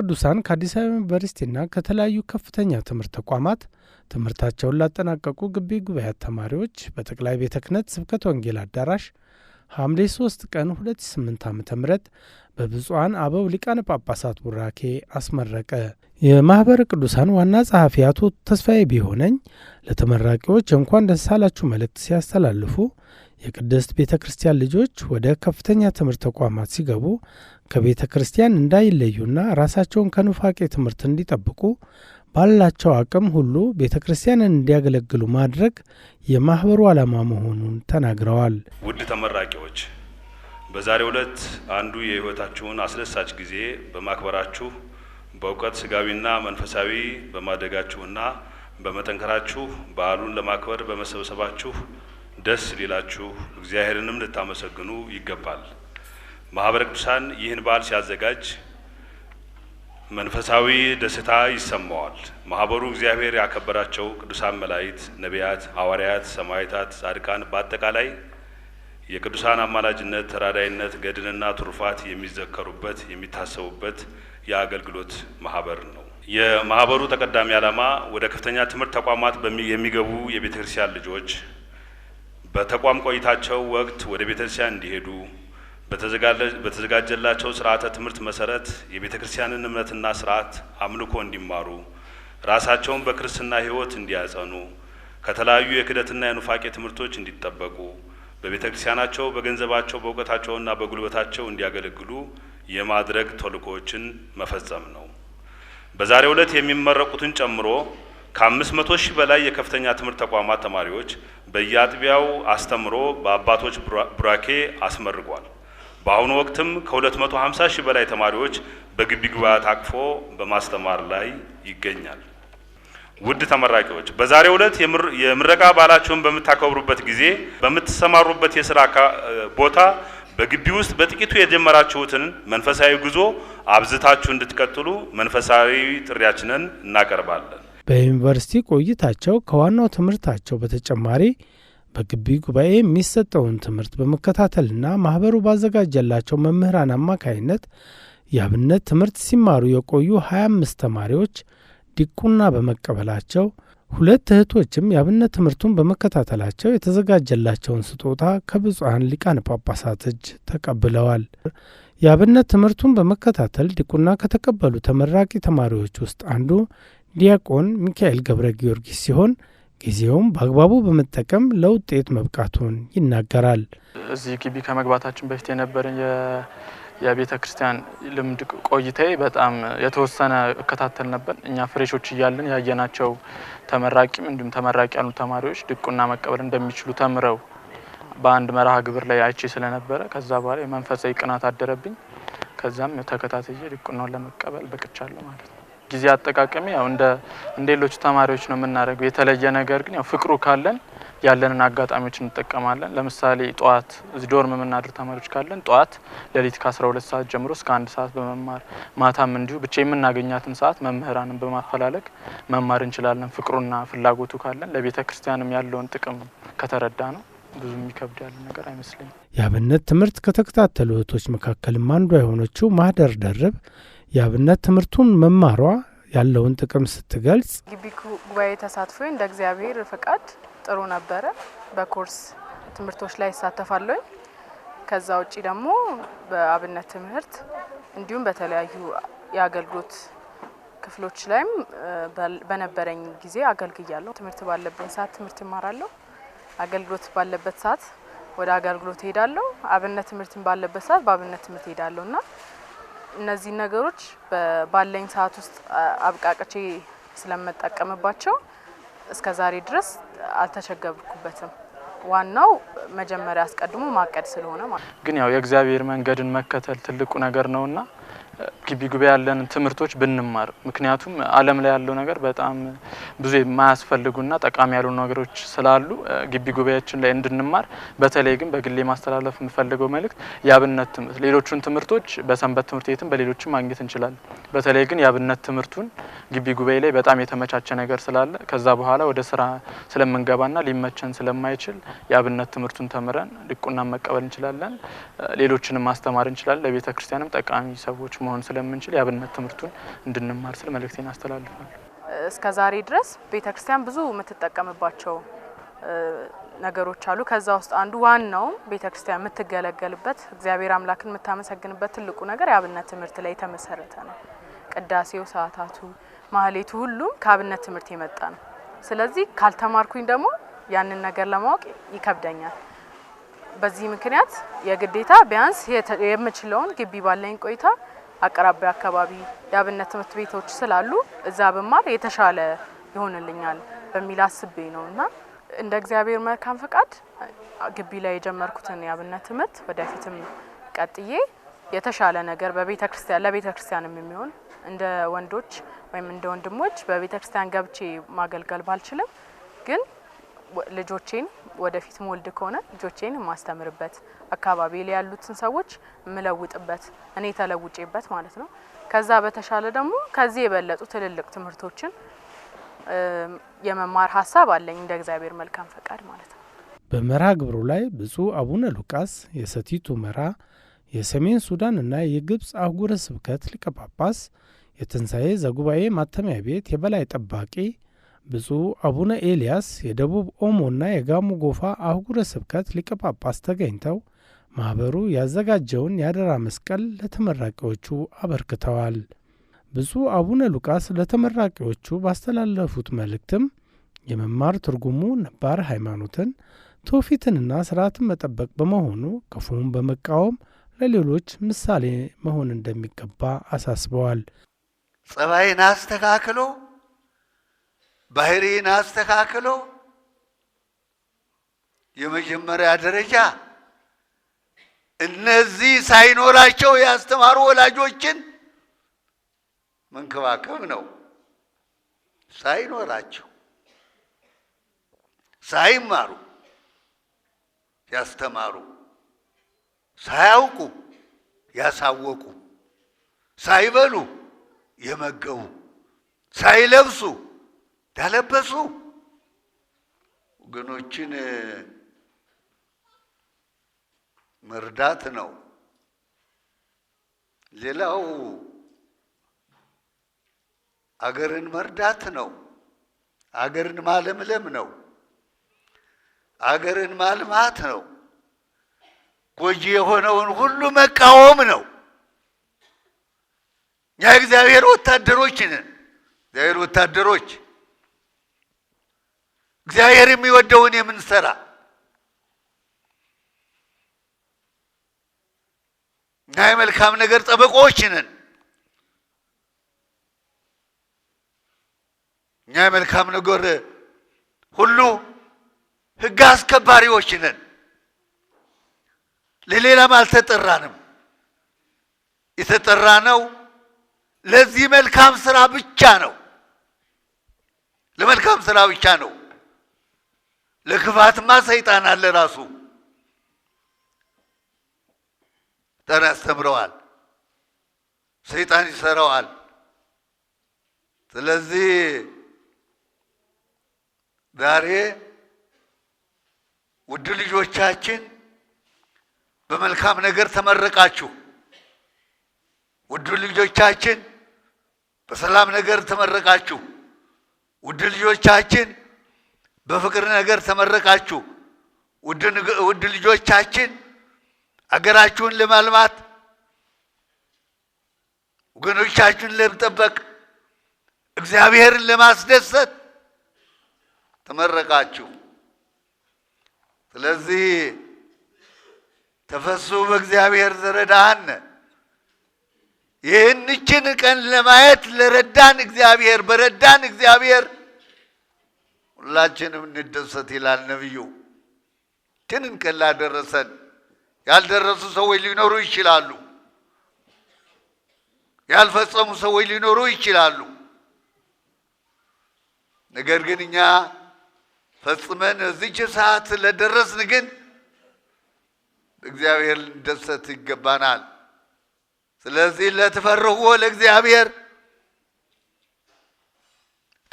ቅዱሳን ከአዲስ አበባ ዩኒቨርሲቲና ከተለያዩ ከፍተኛ ትምህርት ተቋማት ትምህርታቸውን ላጠናቀቁ ግቢ ጉባኤያት ተማሪዎች በጠቅላይ ቤተ ክህነት ስብከት ወንጌል አዳራሽ ሐምሌ 3 ቀን 2008 ዓ ም በብፁዓን አበው ሊቃነ ጳጳሳት ቡራኬ አስመረቀ። የማኅበረ ቅዱሳን ዋና ጸሐፊ አቶ ተስፋዬ ቢሆነኝ ለተመራቂዎች እንኳን ደስ አላችሁ መልእክት ሲያስተላልፉ የቅድስት ቤተ ክርስቲያን ልጆች ወደ ከፍተኛ ትምህርት ተቋማት ሲገቡ ከቤተ ክርስቲያን እንዳይለዩና ራሳቸውን ከኑፋቄ ትምህርት እንዲጠብቁ ባላቸው አቅም ሁሉ ቤተ ክርስቲያንን እንዲያገለግሉ ማድረግ የማኅበሩ ዓላማ መሆኑን ተናግረዋል። ውድ ተመራቂዎች፣ በዛሬ ዕለት አንዱ የሕይወታችሁን አስደሳች ጊዜ በማክበራችሁ በእውቀት ስጋዊና መንፈሳዊ በማደጋችሁና በመጠንከራችሁ በዓሉን ለማክበር በመሰብሰባችሁ ደስ ሊላችሁ እግዚአብሔርንም ልታመሰግኑ ይገባል። ማኅበረ ቅዱሳን ይህን በዓል ሲያዘጋጅ መንፈሳዊ ደስታ ይሰማዋል። ማህበሩ እግዚአብሔር ያከበራቸው ቅዱሳን መላእክት፣ ነቢያት፣ ሐዋርያት፣ ሰማዕታት፣ ጻድቃን በአጠቃላይ የቅዱሳን አማላጅነት፣ ተራዳይነት፣ ገድልና ትሩፋት የሚዘከሩበት የሚታሰቡበት የአገልግሎት ማህበር ነው። የማህበሩ ተቀዳሚ ዓላማ ወደ ከፍተኛ ትምህርት ተቋማት የሚገቡ የቤተክርስቲያን ልጆች በተቋም ቆይታቸው ወቅት ወደ ቤተክርስቲያን እንዲሄዱ በተዘጋጀላቸው ስርዓተ ትምህርት መሰረት የቤተ ክርስቲያንን እምነትና ስርዓት አምልኮ እንዲማሩ ራሳቸውን በክርስትና ህይወት እንዲያጸኑ ከተለያዩ የክደትና የኑፋቄ ትምህርቶች እንዲጠበቁ በቤተ ክርስቲያናቸው በገንዘባቸው በእውቀታቸውና በጉልበታቸው እንዲያገለግሉ የማድረግ ተልእኮዎችን መፈጸም ነው። በዛሬው ዕለት የሚመረቁትን ጨምሮ ከአምስት መቶ ሺህ በላይ የከፍተኛ ትምህርት ተቋማት ተማሪዎች በየአጥቢያው አስተምሮ በአባቶች ቡራኬ አስመርቋል። በአሁኑ ወቅትም ከ250 ሺህ በላይ ተማሪዎች በግቢ ግብዓት አቅፎ በማስተማር ላይ ይገኛል። ውድ ተመራቂዎች በዛሬው ዕለት የምረቃ በዓላችሁን በምታከብሩበት ጊዜ በምትሰማሩበት የስራ ቦታ በግቢ ውስጥ በጥቂቱ የጀመራችሁትን መንፈሳዊ ጉዞ አብዝታችሁ እንድትቀጥሉ መንፈሳዊ ጥሪያችንን እናቀርባለን። በዩኒቨርሲቲ ቆይታቸው ከዋናው ትምህርታቸው በተጨማሪ በግቢ ጉባኤ የሚሰጠውን ትምህርት በመከታተልና ማኅበሩ ባዘጋጀላቸው መምህራን አማካይነት የአብነት ትምህርት ሲማሩ የቆዩ 25 ተማሪዎች ዲቁና በመቀበላቸው ሁለት እህቶችም የአብነት ትምህርቱን በመከታተላቸው የተዘጋጀላቸውን ስጦታ ከብፁዓን ሊቃነ ጳጳሳት እጅ ተቀብለዋል። የአብነት ትምህርቱን በመከታተል ዲቁና ከተቀበሉ ተመራቂ ተማሪዎች ውስጥ አንዱ ዲያቆን ሚካኤል ገብረ ጊዮርጊስ ሲሆን ጊዜውም በአግባቡ በመጠቀም ለውጤት መብቃቱን ይናገራል። እዚህ ግቢ ከመግባታችን በፊት የነበረን የቤተ ክርስቲያን ልምድ ቆይታዬ በጣም የተወሰነ እከታተል ነበር። እኛ ፍሬሾች እያለን ያየናቸው ተመራቂም እንዲሁም ተመራቂ ያሉ ተማሪዎች ድቁና መቀበል እንደሚችሉ ተምረው በአንድ መርሃ ግብር ላይ አይቼ ስለነበረ ከዛ በኋላ የመንፈሳዊ ቅናት አደረብኝ። ከዛም ተከታተየ ድቁናውን ለመቀበል በቅቻለሁ ማለት ነው። ጊዜ አጠቃቀሚ ያው እንደ ሌሎቹ ተማሪዎች ነው የምናደርገው። የተለየ ነገር ግን ያው ፍቅሩ ካለን ያለንን አጋጣሚዎች እንጠቀማለን። ለምሳሌ ጠዋት እዚህ ዶርም የምናድር ተማሪዎች ካለን ጠዋት ሌሊት ከ12 ሰዓት ጀምሮ እስከ አንድ ሰዓት በመማር ማታም እንዲሁ ብቻ የምናገኛትን ሰዓት መምህራንን በማፈላለግ መማር እንችላለን። ፍቅሩና ፍላጎቱ ካለን ለቤተ ክርስቲያንም ያለውን ጥቅም ከተረዳ ነው ብዙ የሚከብድ ያለ ነገር አይመስለኝም። የአብነት ትምህርት ከተከታተሉ እህቶች መካከልም አንዷ የሆነችው ማህደር ደርብ የአብነት ትምህርቱን መማሯ ያለውን ጥቅም ስትገልጽ ግቢ ጉባኤ ተሳትፎ እንደ እግዚአብሔር ፍቃድ ጥሩ ነበረ። በኮርስ ትምህርቶች ላይ ይሳተፋለኝ። ከዛ ውጪ ደግሞ በአብነት ትምህርት እንዲሁም በተለያዩ የአገልግሎት ክፍሎች ላይም በነበረኝ ጊዜ አገልግያለሁ። ትምህርት ባለብኝ ሰዓት ትምህርት እማራለሁ። አገልግሎት ባለበት ሰዓት ወደ አገልግሎት ሄዳለሁ። አብነት ትምህርትን ባለበት ሰዓት በአብነት ትምህርት ሄዳለሁ እና እነዚህ ነገሮች ባለኝ ሰዓት ውስጥ አብቃቅቼ ስለምጠቀምባቸው እስከ ዛሬ ድረስ አልተቸገርኩበትም። ዋናው መጀመሪያ አስቀድሞ ማቀድ ስለሆነ ማለት ግን ያው የእግዚአብሔር መንገድን መከተል ትልቁ ነገር ነውና ግቢ ጉባኤ ያለን ትምህርቶች ብንማር ምክንያቱም ዓለም ላይ ያለው ነገር በጣም ብዙ የማያስፈልጉና ጠቃሚ ያሉ ነገሮች ስላሉ ግቢ ጉባኤያችን ላይ እንድንማር። በተለይ ግን በግሌ ማስተላለፍ የምፈልገው መልእክት የአብነት ትምህርት ሌሎቹን ትምህርቶች በሰንበት ትምህርት ቤትም በሌሎችም ማግኘት እንችላለን። በተለይ ግን የአብነት ትምህርቱን ግቢ ጉባኤ ላይ በጣም የተመቻቸ ነገር ስላለ ከዛ በኋላ ወደ ስራ ስለምንገባና ሊመቸን ስለማይችል የአብነት ትምህርቱን ተምረን ልቁና መቀበል እንችላለን። ሌሎችንም ማስተማር እንችላለን። ለቤተ ክርስቲያንም ጠቃሚ ሰዎች መሆን ስለምንችል የአብነት ትምህርቱን እንድንማር ስል መልእክቴን አስተላልፋለሁ። እስከ ዛሬ ድረስ ቤተክርስቲያን ብዙ የምትጠቀምባቸው ነገሮች አሉ። ከዛ ውስጥ አንዱ ዋናው ቤተክርስቲያን የምትገለገልበት እግዚአብሔር አምላክን የምታመሰግንበት ትልቁ ነገር የአብነት ትምህርት ላይ የተመሰረተ ነው። ቅዳሴው፣ ሰዓታቱ፣ ማህሌቱ ሁሉም ከአብነት ትምህርት የመጣ ነው። ስለዚህ ካልተማርኩኝ ደግሞ ያንን ነገር ለማወቅ ይከብደኛል። በዚህ ምክንያት የግዴታ ቢያንስ የምችለውን ግቢ ባለኝ ቆይታ አቀራቢያ አካባቢ የአብነት ትምህርት ቤቶች ስላሉ እዛ ብማር የተሻለ ይሆንልኛል በሚል አስቤ ነው እና እንደ እግዚአብሔር መልካም ፈቃድ ግቢ ላይ የጀመርኩትን የአብነት ትምህርት ወደፊትም ቀጥዬ የተሻለ ነገር በቤተ ክርስቲያን ለቤተ ክርስቲያንም የሚሆን እንደ ወንዶች ወይም እንደ ወንድሞች በቤተ ክርስቲያን ገብቼ ማገልገል ባልችልም ግን ልጆቼን ወደፊት ወልድ ከሆነ ልጆቼን የማስተምርበት አካባቢ ላይ ያሉትን ሰዎች የምለውጥበት እኔ ተለውጬበት ማለት ነው። ከዛ በተሻለ ደግሞ ከዚህ የበለጡ ትልልቅ ትምህርቶችን የመማር ሀሳብ አለኝ እንደ እግዚአብሔር መልካም ፈቃድ ማለት ነው። በመርሃ ግብሩ ላይ ብፁዕ አቡነ ሉቃስ የሰቲት ሁመራ የሰሜን ሱዳንና የግብፅ አህጉረ ስብከት ሊቀ ጳጳስ፣ የትንሣኤ ዘጉባኤ ማተሚያ ቤት የበላይ ጠባቂ ብፁዕ አቡነ ኤልያስ የደቡብ ኦሞና የጋሞ ጎፋ አህጉረ ስብከት ሊቀ ጳጳስ ተገኝተው ማኅበሩ ያዘጋጀውን የአደራ መስቀል ለተመራቂዎቹ አበርክተዋል። ብፁዕ አቡነ ሉቃስ ለተመራቂዎቹ ባስተላለፉት መልእክትም የመማር ትርጉሙ ነባር ሃይማኖትን ትውፊትንና ስርዓትን መጠበቅ በመሆኑ ክፉን በመቃወም ለሌሎች ምሳሌ መሆን እንደሚገባ አሳስበዋል። ጸባይን አስተካክሎ ባህሪን አስተካክሎ የመጀመሪያ ደረጃ እነዚህ ሳይኖራቸው ያስተማሩ ወላጆችን መንከባከብ ነው። ሳይኖራቸው ሳይማሩ ያስተማሩ፣ ሳያውቁ ያሳወቁ፣ ሳይበሉ የመገቡ፣ ሳይለብሱ ያለበሱ ወገኖችን መርዳት ነው። ሌላው አገርን መርዳት ነው። አገርን ማለምለም ነው። አገርን ማልማት ነው። ጎጂ የሆነውን ሁሉ መቃወም ነው። እኛ እግዚአብሔር ወታደሮች ነን። እግዚአብሔር ወታደሮች እግዚአብሔር የሚወደውን የምንሰራ እና የመልካም ነገር ጠበቆች ነን። እኛ የመልካም ነገር ሁሉ ሕግ አስከባሪዎች ነን። ለሌላም አልተጠራንም። የተጠራ ነው ለዚህ መልካም ስራ ብቻ ነው። ለመልካም ስራ ብቻ ነው። ለክፋትማ ሰይጣን አለ ራሱ ጠን ያስተምረዋል፣ ሰይጣን ይሰራዋል። ስለዚህ ዛሬ ውድ ልጆቻችን በመልካም ነገር ተመረቃችሁ፣ ውድ ልጆቻችን በሰላም ነገር ተመረቃችሁ፣ ውድ ልጆቻችን በፍቅር ነገር ተመረቃችሁ። ውድ ልጆቻችን አገራችሁን ለማልማት ወገኖቻችሁን ለመጠበቅ እግዚአብሔርን ለማስደሰት ተመረቃችሁ። ስለዚህ ተፈሱ በእግዚአብሔር ዘረዳሃን ይህንችን ቀን ለማየት ለረዳን እግዚአብሔር በረዳን እግዚአብሔር ሁላችንም እንደሰት ይላል ነብዩ። ይህንን ቀን ደረሰን ያልደረሱ ሰዎች ሊኖሩ ይችላሉ። ያልፈጸሙ ሰዎች ሊኖሩ ይችላሉ። ነገር ግን እኛ ፈጽመን እዚች ሰዓት ለደረስን ግን እግዚአብሔር ልንደሰት ይገባናል። ስለዚህ ለትፈርህዎ ለእግዚአብሔር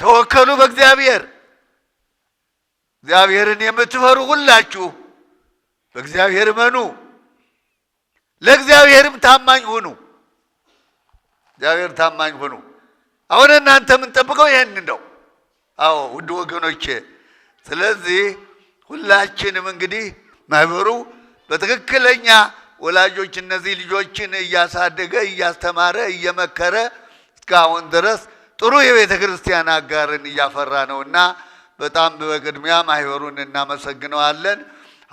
ተወከሉ በእግዚአብሔር እግዚአብሔርን የምትፈሩ ሁላችሁ በእግዚአብሔር መኑ፣ ለእግዚአብሔርም ታማኝ ሁኑ። እግዚአብሔር ታማኝ ሁኑ። አሁን እናንተ የምንጠብቀው ይህን ነው። አዎ ውድ ወገኖቼ፣ ስለዚህ ሁላችንም እንግዲህ ማህበሩ በትክክለኛ ወላጆች እነዚህ ልጆችን እያሳደገ እያስተማረ እየመከረ እስካሁን ድረስ ጥሩ የቤተ ክርስቲያን አጋርን እያፈራ ነውና በጣም በቅድሚያ ማህበሩን እናመሰግነዋለን።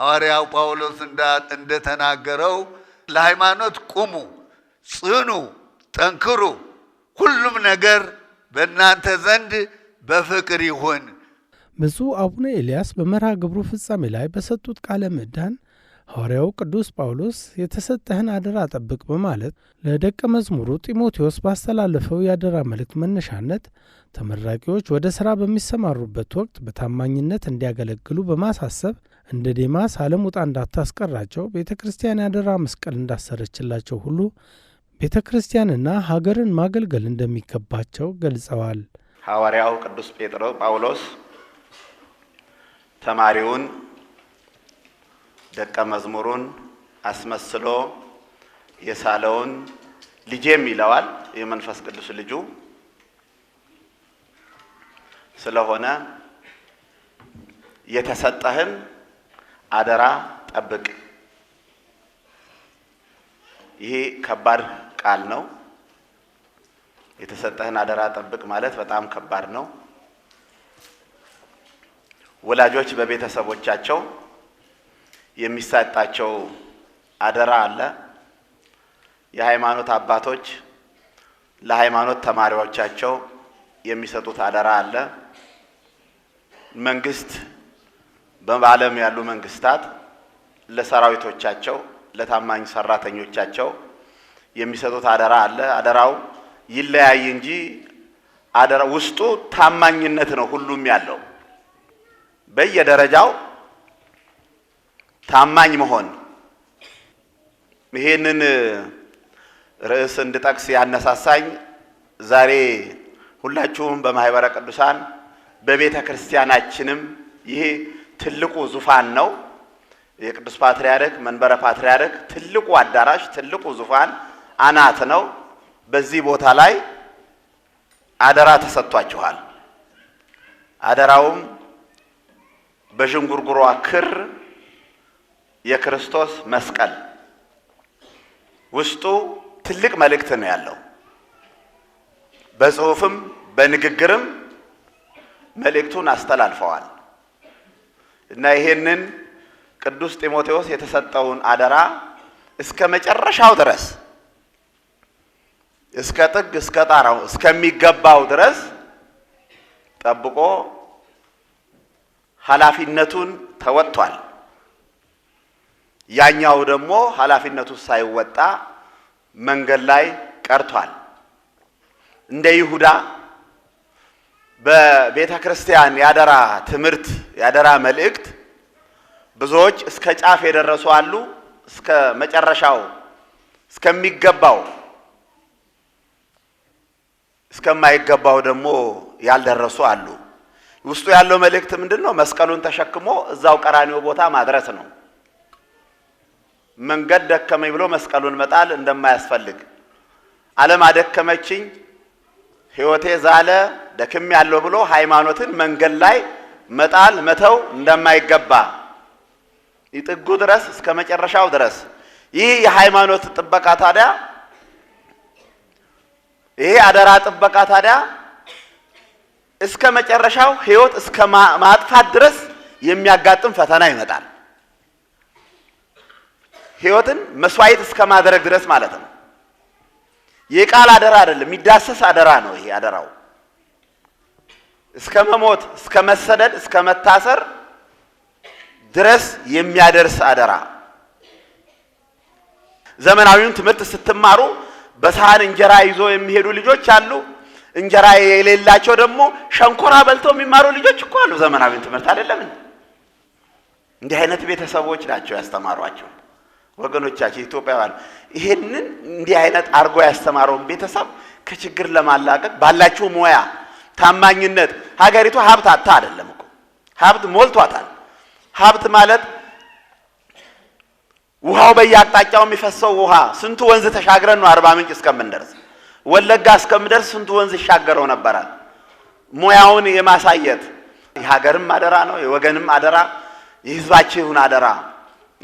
ሐዋርያው ጳውሎስ እንደተናገረው ለሃይማኖት ቁሙ፣ ጽኑ፣ ጠንክሩ፣ ሁሉም ነገር በእናንተ ዘንድ በፍቅር ይሁን። ብፁዕ አቡነ ኤልያስ በመርሃ ግብሩ ፍጻሜ ላይ በሰጡት ቃለ ምዕዳን ሐዋርያው ቅዱስ ጳውሎስ የተሰጠህን አደራ ጠብቅ በማለት ለደቀ መዝሙሩ ጢሞቴዎስ ባስተላለፈው የአደራ መልእክት መነሻነት ተመራቂዎች ወደ ሥራ በሚሰማሩበት ወቅት በታማኝነት እንዲያገለግሉ በማሳሰብ እንደ ዴማስ ዓለም ውጣ እንዳታስቀራቸው ቤተ ክርስቲያን ያደራ መስቀል እንዳሰረችላቸው ሁሉ ቤተ ክርስቲያንና ሀገርን ማገልገል እንደሚገባቸው ገልጸዋል። ሐዋርያው ቅዱስ ጴጥሮ ጳውሎስ ተማሪውን ደቀ መዝሙሩን አስመስሎ የሳለውን ልጄም ይለዋል የመንፈስ ቅዱስ ልጁ ስለሆነ የተሰጠህን አደራ ጠብቅ። ይሄ ከባድ ቃል ነው። የተሰጠህን አደራ ጠብቅ ማለት በጣም ከባድ ነው። ወላጆች በቤተሰቦቻቸው የሚሰጣቸው አደራ አለ። የሃይማኖት አባቶች ለሃይማኖት ተማሪዎቻቸው የሚሰጡት አደራ አለ። መንግስት በዓለም ያሉ መንግስታት ለሰራዊቶቻቸው ለታማኝ ሰራተኞቻቸው የሚሰጡት አደራ አለ። አደራው ይለያይ እንጂ አደራ ውስጡ ታማኝነት ነው። ሁሉም ያለው በየደረጃው ታማኝ መሆን። ይሄንን ርዕስ እንድጠቅስ ያነሳሳኝ ዛሬ ሁላችሁም በማህበረ ቅዱሳን በቤተ ክርስቲያናችንም ይሄ ትልቁ ዙፋን ነው። የቅዱስ ፓትርያርክ መንበረ ፓትርያርክ ትልቁ አዳራሽ ትልቁ ዙፋን አናት ነው። በዚህ ቦታ ላይ አደራ ተሰጥቷችኋል። አደራውም በዥንጉርጉሯ ክር የክርስቶስ መስቀል ውስጡ ትልቅ መልእክት ነው ያለው በጽሁፍም በንግግርም መልእክቱን አስተላልፈዋል እና ይሄንን ቅዱስ ጢሞቴዎስ የተሰጠውን አደራ እስከ መጨረሻው ድረስ እስከ ጥግ እስከ ጣራው እስከሚገባው ድረስ ጠብቆ ኃላፊነቱን ተወጥቷል። ያኛው ደግሞ ኃላፊነቱ ሳይወጣ መንገድ ላይ ቀርቷል እንደ ይሁዳ በቤተ ክርስቲያን ያደራ ትምህርት ያደራ መልእክት ብዙዎች እስከ ጫፍ የደረሱ አሉ። እስከ መጨረሻው እስከሚገባው እስከማይገባው ደግሞ ያልደረሱ አሉ። ውስጡ ያለው መልእክት ምንድን ነው? መስቀሉን ተሸክሞ እዛው ቀራኒው ቦታ ማድረስ ነው። መንገድ ደከመኝ ብሎ መስቀሉን መጣል እንደማያስፈልግ ዓለም አደከመችኝ ህይወቴ ዛለ ደክም ያለው ብሎ ሃይማኖትን መንገድ ላይ መጣል መተው እንደማይገባ ይጥጉ ድረስ እስከ መጨረሻው ድረስ ይህ የሃይማኖት ጥበቃ ታዲያ ይሄ አደራ ጥበቃ ታዲያ እስከ መጨረሻው ህይወት እስከ ማጥፋት ድረስ የሚያጋጥም ፈተና ይመጣል። ህይወትን መስዋዕት እስከ ማድረግ ድረስ ማለት ነው። የቃል አደራ አይደለም፣ የሚዳሰስ አደራ ነው። ይሄ አደራው እስከ መሞት፣ እስከ መሰደድ፣ እስከ መታሰር ድረስ የሚያደርስ አደራ። ዘመናዊውን ትምህርት ስትማሩ በሳህን እንጀራ ይዞ የሚሄዱ ልጆች አሉ። እንጀራ የሌላቸው ደግሞ ሸንኮራ በልተው የሚማሩ ልጆች እኮ አሉ። ዘመናዊውን ትምህርት አይደለም እንዲህ አይነት ቤተሰቦች ናቸው ያስተማሯቸው። ወገኖቻችን ኢትዮጵያውያን ይሄንን እንዲህ አይነት አድርጎ ያስተማረውን ቤተሰብ ከችግር ለማላቀቅ ባላችሁ ሙያ ታማኝነት። ሀገሪቱ ሀብት አታ አይደለም እኮ ሀብት ሞልቷታል። ሀብት ማለት ውሃው በየአቅጣጫው የሚፈሰው ውሃ ስንቱ ወንዝ ተሻግረን ነው አርባ ምንጭ እስከምንደርስ ወለጋ እስከምደርስ ስንቱ ወንዝ ይሻገረው ነበረ። ሙያውን የማሳየት የሀገርም አደራ ነው፣ የወገንም አደራ፣ የህዝባችሁን አደራ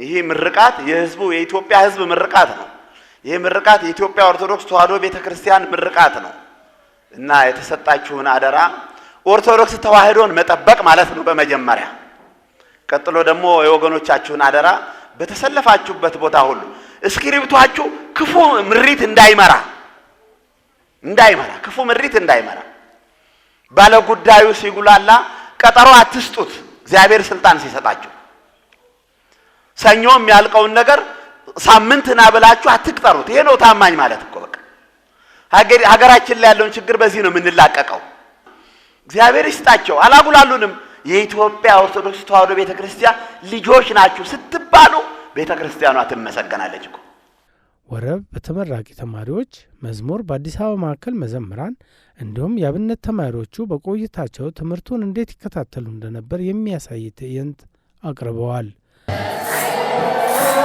ይሄ ምርቃት የህዝቡ የኢትዮጵያ ህዝብ ምርቃት ነው። ይሄ ምርቃት የኢትዮጵያ ኦርቶዶክስ ተዋሕዶ ቤተክርስቲያን ምርቃት ነው እና የተሰጣችሁን አደራ ኦርቶዶክስ ተዋሕዶን መጠበቅ ማለት ነው በመጀመሪያ ቀጥሎ ደግሞ የወገኖቻችሁን አደራ በተሰለፋችሁበት ቦታ ሁሉ እስክሪብቷችሁ ክፉ ምሪት እንዳይመራ እንዳይመራ ክፉ ምሪት እንዳይመራ ባለጉዳዩ ሲጉላላ ቀጠሮ አትስጡት። እግዚአብሔር ስልጣን ሲሰጣችሁ ሰኞ የሚያልቀውን ነገር ሳምንት ና ብላችሁ አትቅጠሩት። ይሄ ነው ታማኝ ማለት እኮ በቃ ሀገራችን ላይ ያለውን ችግር በዚህ ነው የምንላቀቀው። እግዚአብሔር ይስጣቸው፣ አላጉላሉንም። የኢትዮጵያ ኦርቶዶክስ ተዋህዶ ቤተ ክርስቲያን ልጆች ናችሁ ስትባሉ ቤተ ክርስቲያኗ ትመሰገናለች እኮ። ወረብ በተመራቂ ተማሪዎች መዝሙር በአዲስ አበባ ማዕከል መዘምራን እንዲሁም የአብነት ተማሪዎቹ በቆይታቸው ትምህርቱን እንዴት ይከታተሉ እንደነበር የሚያሳይ ትዕይንት አቅርበዋል።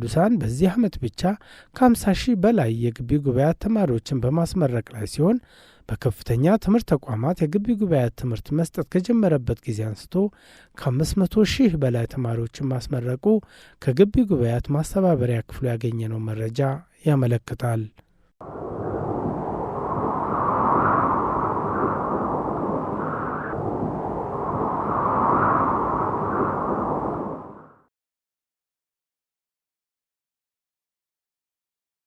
ቅዱሳን በዚህ ዓመት ብቻ ከ50 ሺህ በላይ የግቢ ጉባኤያት ተማሪዎችን በማስመረቅ ላይ ሲሆን በከፍተኛ ትምህርት ተቋማት የግቢ ጉባኤያት ትምህርት መስጠት ከጀመረበት ጊዜ አንስቶ ከ500 ሺህ በላይ ተማሪዎችን ማስመረቁ ከግቢ ጉባኤያት ማስተባበሪያ ክፍሉ ያገኘነው መረጃ ያመለክታል።